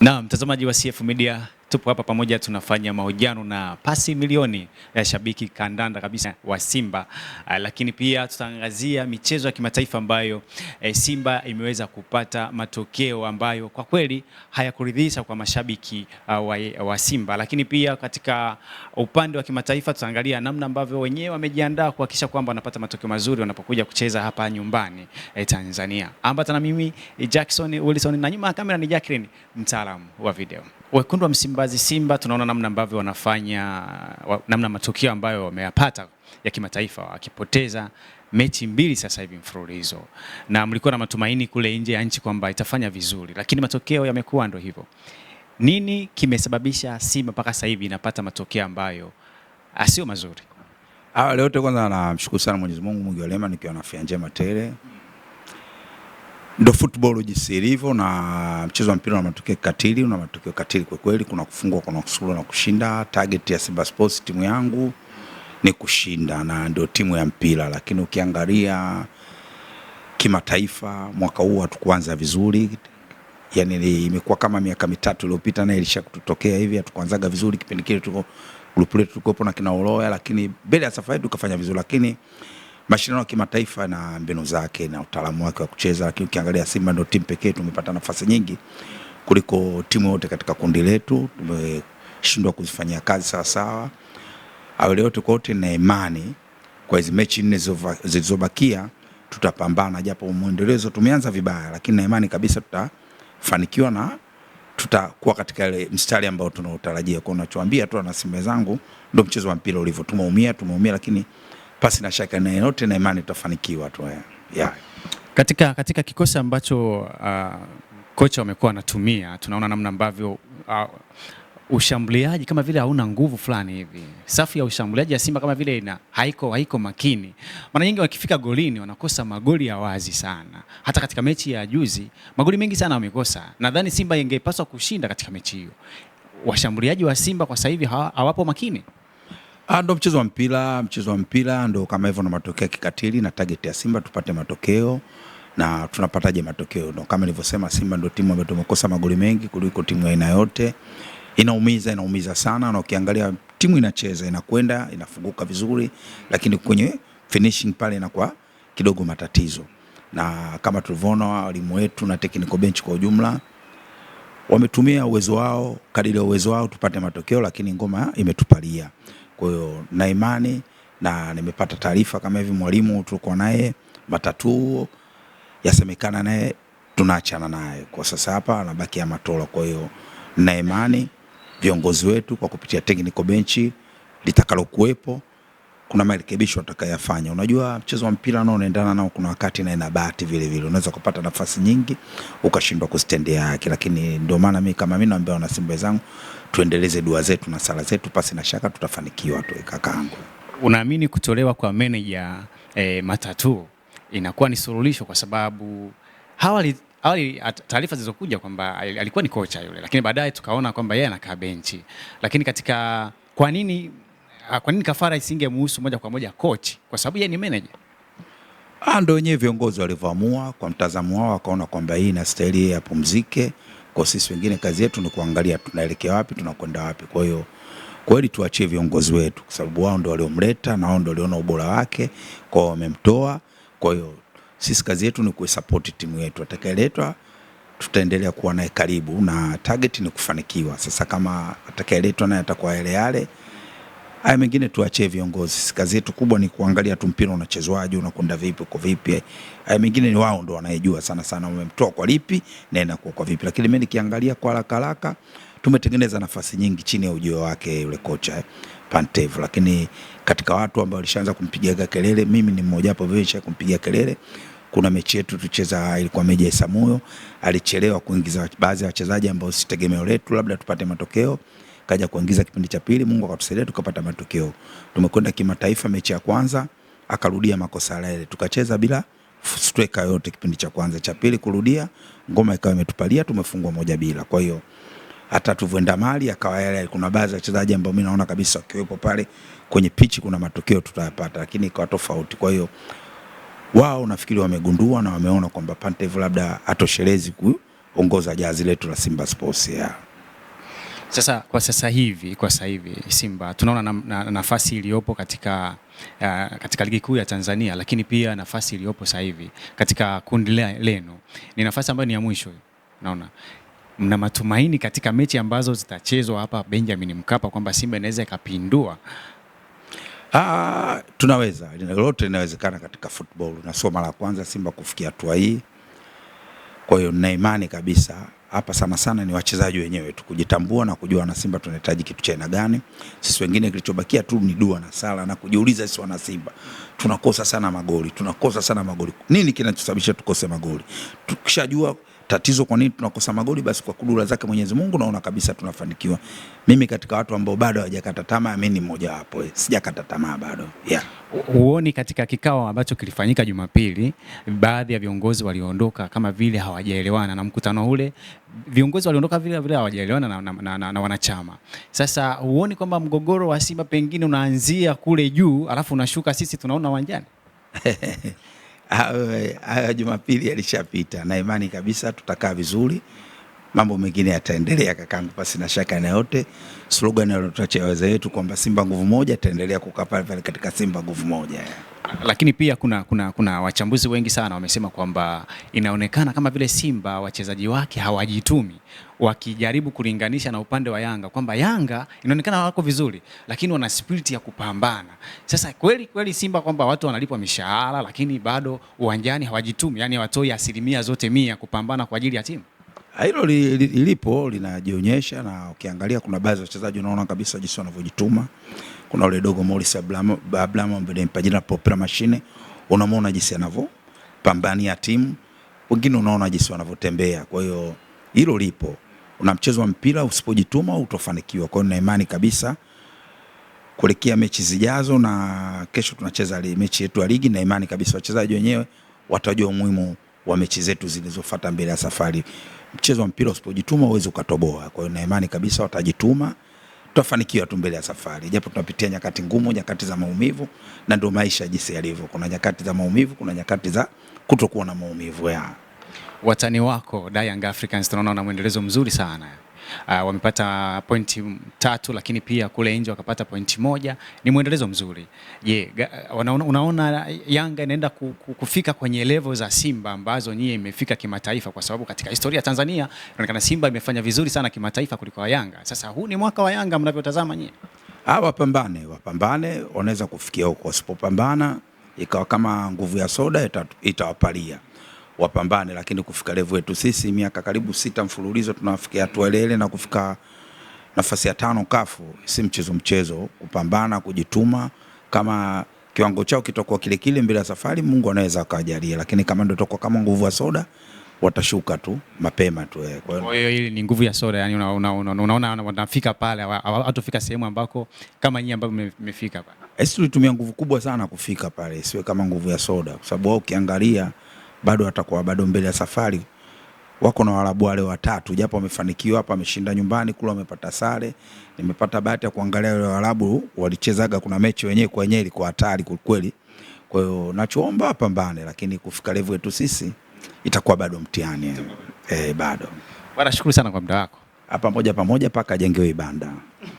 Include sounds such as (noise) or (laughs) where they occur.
Na mtazamaji wa CF Media Tupo hapa pamoja tunafanya mahojiano na pasi milioni ya shabiki kandanda kabisa wa Simba, ah, lakini pia tutaangazia michezo ya kimataifa ambayo e, Simba imeweza kupata matokeo ambayo kwa kweli hayakuridhisha kwa mashabiki uh, wa, wa Simba, lakini pia katika upande wa kimataifa tutaangalia namna ambavyo wenyewe wamejiandaa kuhakikisha kwamba wanapata matokeo mazuri wanapokuja kucheza hapa nyumbani eh, Tanzania. Ambata na mimi eh, Jackson Wilson na nyuma ya kamera ni Jacqueline, mtaalamu wa video. Wekundu wa Msimbazi Simba, tunaona namna ambavyo wanafanya namna matukio ambayo wameyapata ya kimataifa, wakipoteza mechi mbili sasa hivi mfululizo, na mlikuwa na matumaini kule nje ya nchi kwamba itafanya vizuri, lakini matokeo yamekuwa ndo hivyo. Nini kimesababisha Simba mpaka sasa hivi inapata matokeo ambayo ah, sio mazuri? Ah, leo kwanza namshukuru sana Mwenyezi Mungu mwingi wa rehema, nikiwa na afya njema tele Ndo football jinsi ilivyo, na mchezo wa mpira una matokeo katili, una matokeo katili kwa kweli. Kuna kufungwa, kuna kusuluhu na kushinda. Target ya Simba Sports timu yangu ni kushinda, na ndio timu ya mpira. Lakini ukiangalia kimataifa, mwaka huu hatukuanza vizuri, yani imekuwa kama miaka mitatu iliyopita, na ilisha kututokea hivi, hatukuanzaga vizuri. Kipindi kile tuko grupu letu tulikuwepo na kina Uloya, lakini mbele ya safari tukafanya vizuri, lakini mashindano ya kimataifa na mbinu zake na utaalamu wake wa kucheza, lakini ukiangalia Simba ndio timu pekee tumepata nafasi nyingi kuliko timu yote katika kundi letu, tumeshindwa kuzifanyia kazi sawasawa. Awali yote kwa na imani kwa hizo mechi nne zilizobakia tutapambana, japo mwendelezo tumeanza vibaya, lakini na imani kabisa tutafanikiwa na tutakuwa katika ile mstari ambao tunautarajia. Kwa unachoambia tu na Simba zangu, ndio mchezo wa mpira ulivyo. Tumeumia, tumeumia lakini pasi na shaka na yote na imani tutafanikiwa tu eh. yeah. Katika, katika kikosi ambacho uh, kocha wamekuwa wanatumia tunaona namna ambavyo uh, ushambuliaji kama vile hauna nguvu fulani hivi. Safu ya ushambuliaji ya Simba kama vile ina haiko haiko makini. Mara nyingi wakifika golini wanakosa magoli ya wazi sana. Hata katika mechi ya juzi magoli mengi sana wamekosa. Nadhani Simba ingepaswa kushinda katika mechi hiyo. Washambuliaji wa Simba kwa sasa hivi hawapo makini. Ah, ndo mchezo wa mpira, mchezo wa mpira ndo kama hivyo, na matokeo ya kikatili na target ya Simba tupate matokeo na tunapataje matokeo? Ndo kama nilivyosema, Simba ndo timu ambayo tumekosa magoli mengi kuliko timu aina yote. Inaumiza, inaumiza sana, na ukiangalia timu inacheza, inakwenda, inafunguka vizuri, lakini kwenye finishing pale inakuwa kidogo matatizo, na kama tulivyoona walimu wetu na technical bench kwa ujumla wametumia uwezo wao kadiri ya uwezo wao tupate matokeo, lakini ngoma imetupalia. Kwa hiyo na imani na nimepata taarifa kama hivi, mwalimu tulikuwa naye matatu yasemekana naye tunaachana naye kwa sasa, hapa ya Matola. Kwa hiyo na imani viongozi wetu kwa kupitia technical bench litakalokuwepo kuna marekebisho atakayafanya. Unajua mchezo wa mpira nao unaendana nao, kuna wakati na ina bahati vile vile, unaweza kupata nafasi nyingi ukashindwa kustendea yake, lakini ndio maana mimi kama mimi naambia wana Simba wenzangu tuendeleze dua zetu na sala zetu, pasi na shaka tutafanikiwa tu. Kakaangu, unaamini kutolewa kwa meneja e, matatu inakuwa ni suluhisho? Kwa sababu hawali awali taarifa zilizokuja kwamba alikuwa ni kocha yule, lakini baadaye tukaona kwamba yeye anakaa benchi. Lakini katika kwa nini ah, kwa nini kafara isingemhusu moja kwa moja kochi, kwa sababu yeye ni meneja? Ah, ndio wenyewe viongozi walivyoamua, kwa mtazamo wao wakaona kwamba hii inastahili yeye apumzike. Kwa sisi wengine kazi yetu ni kuangalia tunaelekea wapi, tunakwenda wapi. Kwa hiyo kweli tuachie viongozi wetu, kwa sababu wao ndo waliomleta na wao ndo waliona ubora wake, kwao wamemtoa. Kwa hiyo sisi kazi yetu ni kuisapoti timu yetu, atakayeletwa tutaendelea kuwa naye karibu, na target ni kufanikiwa. Sasa kama atakayeletwa naye atakuwa yale yale Haya mengine tuachie viongozi, kazi yetu kubwa ni kuangalia tu mpira unachezwaje, unakwenda vipi, uko vipi. Haya mengine ni wao ndo wanayejua sana sana, wamemtoa kwa lipi na inakuwa kwa vipi, lakini mimi nikiangalia kwa haraka haraka tumetengeneza nafasi nyingi chini ya ujio wake yule kocha eh, Pantev, lakini katika watu ambao walishaanza kumpigia kelele, mimi ni mmoja wapo vile kumpigia kelele. Kuna mechi yetu tucheza, ilikuwa meja Isamuyo, alichelewa kuingiza baadhi ya wachezaji ambao si tegemeo letu, labda tupate matokeo kaja kuingiza kipindi cha pili, Mungu akatusaidia tukapata matokeo. Tumekwenda kimataifa, mechi ya kwanza akarudia makosa yale, tukacheza bila striker yote kipindi cha kwanza. Cha pili kurudia, ngoma ikawa imetupalia, tumefungwa moja bila. Kwa hiyo hata tuvenda mali akawa yale, kuna baadhi ya wachezaji ambao mimi naona kabisa wakiwepo pale kwenye pichi kuna matokeo tutayapata, lakini ikawa tofauti. Kwa hiyo wao nafikiri wamegundua na wameona kwamba Pantev labda hatoshelezi kuongoza jazi letu la Simba Sports ya sasa kwa sasa hivi, kwa sasa hivi Simba tunaona na, na, nafasi iliyopo katika, uh, katika ligi kuu ya Tanzania, lakini pia nafasi iliyopo sasa hivi katika kundi lenu ni nafasi ambayo ni ya mwisho. Naona mna matumaini katika mechi ambazo zitachezwa hapa Benjamin Mkapa kwamba Simba inaweza ikapindua? Ah, tunaweza, lolote linawezekana katika football, na sio mara ya kwanza Simba kufikia hatua hii, kwa hiyo nina imani kabisa hapa sana sana ni wachezaji wenyewe tu kujitambua na kujua wanasimba tunahitaji kitu cha aina gani. Sisi wengine kilichobakia tu ni dua na sala na kujiuliza, sisi wanasimba tunakosa sana magoli, tunakosa sana magoli. Nini kinachosababisha tukose magoli? Tukishajua tatizo kwa nini tunakosa magoli? Basi kwa kudura zake Mwenyezi Mungu naona kabisa tunafanikiwa. Mimi katika watu ambao bado hawajakata tamaa, mimi ni mmoja wapo, eh, sijakata tamaa bado yeah. Huoni katika kikao ambacho kilifanyika Jumapili, baadhi ya viongozi waliondoka kama vile hawajaelewana na mkutano ule, viongozi waliondoka vile vile hawajaelewana na, na, na, na, na wanachama. Sasa huoni kwamba mgogoro wa Simba pengine unaanzia kule juu, alafu unashuka, sisi tunaona uwanjani (laughs) haya Jumapili yalishapita na imani kabisa tutakaa vizuri, mambo mengine yataendelea kakangu, pasi na shaka yote. Slogan aliyotuachia waza wetu kwamba Simba nguvu moja, ataendelea kukaa pale pale katika Simba nguvu moja. Lakini pia kuna, kuna, kuna wachambuzi wengi sana wamesema kwamba inaonekana kama vile Simba wachezaji wake hawajitumi wakijaribu kulinganisha na upande wa Yanga kwamba Yanga inaonekana wako vizuri, lakini wana spirit ya kupambana. Sasa kweli kweli Simba kwamba watu wanalipwa mishahara, lakini bado uwanjani hawajitumi, yani hawatoi asilimia zote mia kupambana kwa ajili ya timu. Ah, hilo lilipo linajionyesha, na ukiangalia kuna baadhi ya wachezaji unaona kabisa jinsi wanavyojituma. Kuna ule dogo Morris Ablamo ambaye Popra Machine, unamwona jinsi anavyopambania timu, wengine unaona jinsi wanavyotembea. Kwa hiyo hilo lipo una mchezo wa mpira, usipojituma utofanikiwa. Kwa hiyo nina imani kabisa kuelekea mechi zijazo, na kesho tunacheza mechi yetu ya ligi, na imani kabisa wachezaji wenyewe watajua umuhimu wa mechi zetu zilizofuata mbele ya safari. Mchezo wa mpira usipojituma huwezi ukatoboa. Kwa hiyo na imani kabisa watajituma, tutafanikiwa tu mbele ya safari, japo tunapitia nyakati ngumu, nyakati za maumivu, na ndio maisha jinsi yalivyo. Kuna nyakati za maumivu, kuna nyakati za kutokuwa na maumivu ya watani wako da Young Africans tunaona na mwendelezo mzuri sana. Uh, wamepata pointi tatu lakini pia kule nje wakapata pointi moja, ni mwendelezo mzuri. Je, yeah, unaona Yanga inaenda kufika kwenye level za Simba ambazo nyie imefika kimataifa, kwa sababu katika historia ya Tanzania inaonekana Simba imefanya vizuri sana kimataifa kuliko Yanga. Sasa huu ni mwaka wa Yanga mnavyotazama nyie? Ah, wapambane, wapambane, wanaweza kufikia huko, wasipopambana ikawa kama nguvu ya soda itawapalia ita wapambane, lakini kufika level yetu sisi, miaka karibu sita mfululizo tunafikia hatua ile ile na kufika nafasi ya tano kafu, si mchezo mchezo, kupambana, kujituma. Kama kiwango chao kitakuwa kile kile mbele ya safari, Mungu anaweza akajalia, lakini kama ndio tutakuwa kama nguvu ya soda watashuka tu mapema tu. Eh. Kwa hiyo hili ni nguvu ya soda, yani unaona una, wanafika pale, hatofika sehemu ambako kama nyinyi ambavyo mmefika. Eh, sisi tulitumia nguvu kubwa sana kufika pale, siwe kama nguvu ya soda, kwa sababu wao ukiangalia bado watakuwa bado mbele ya safari. Wako na Waarabu wale watatu, japo wamefanikiwa hapa, wameshinda nyumbani kule, wamepata sare. Nimepata bahati ya kuangalia wale Waarabu walichezaga, kuna mechi wenyewe kwa wenyewe ilikuwa hatari kweli. Kwa hiyo nachoomba wapambane, lakini kufika level yetu sisi itakuwa bado mtihani eh, bado bwana. Shukuru sana kwa muda wako, pamoja pamoja mpaka ajengewe ibanda.